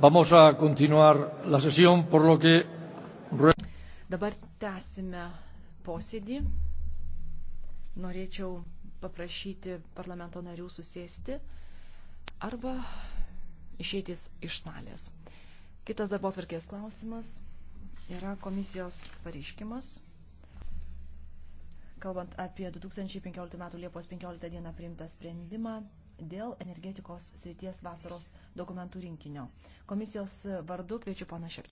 Vamos a continuar la sesión, por lo que. Dabar tęsime posėdį norėčiau paprašyti parlamento narių susėsti arba išeiti iš salės. Kitas darbo tvarkės klausimas yra komisijos pareiškimas. Kalbant apie 2015 m. Liepos 15 d. priimtą sprendimą dėl energetikos srities vasaros dokumentų rinkinio. Komisijos vardu kviečiu pana Šepčią.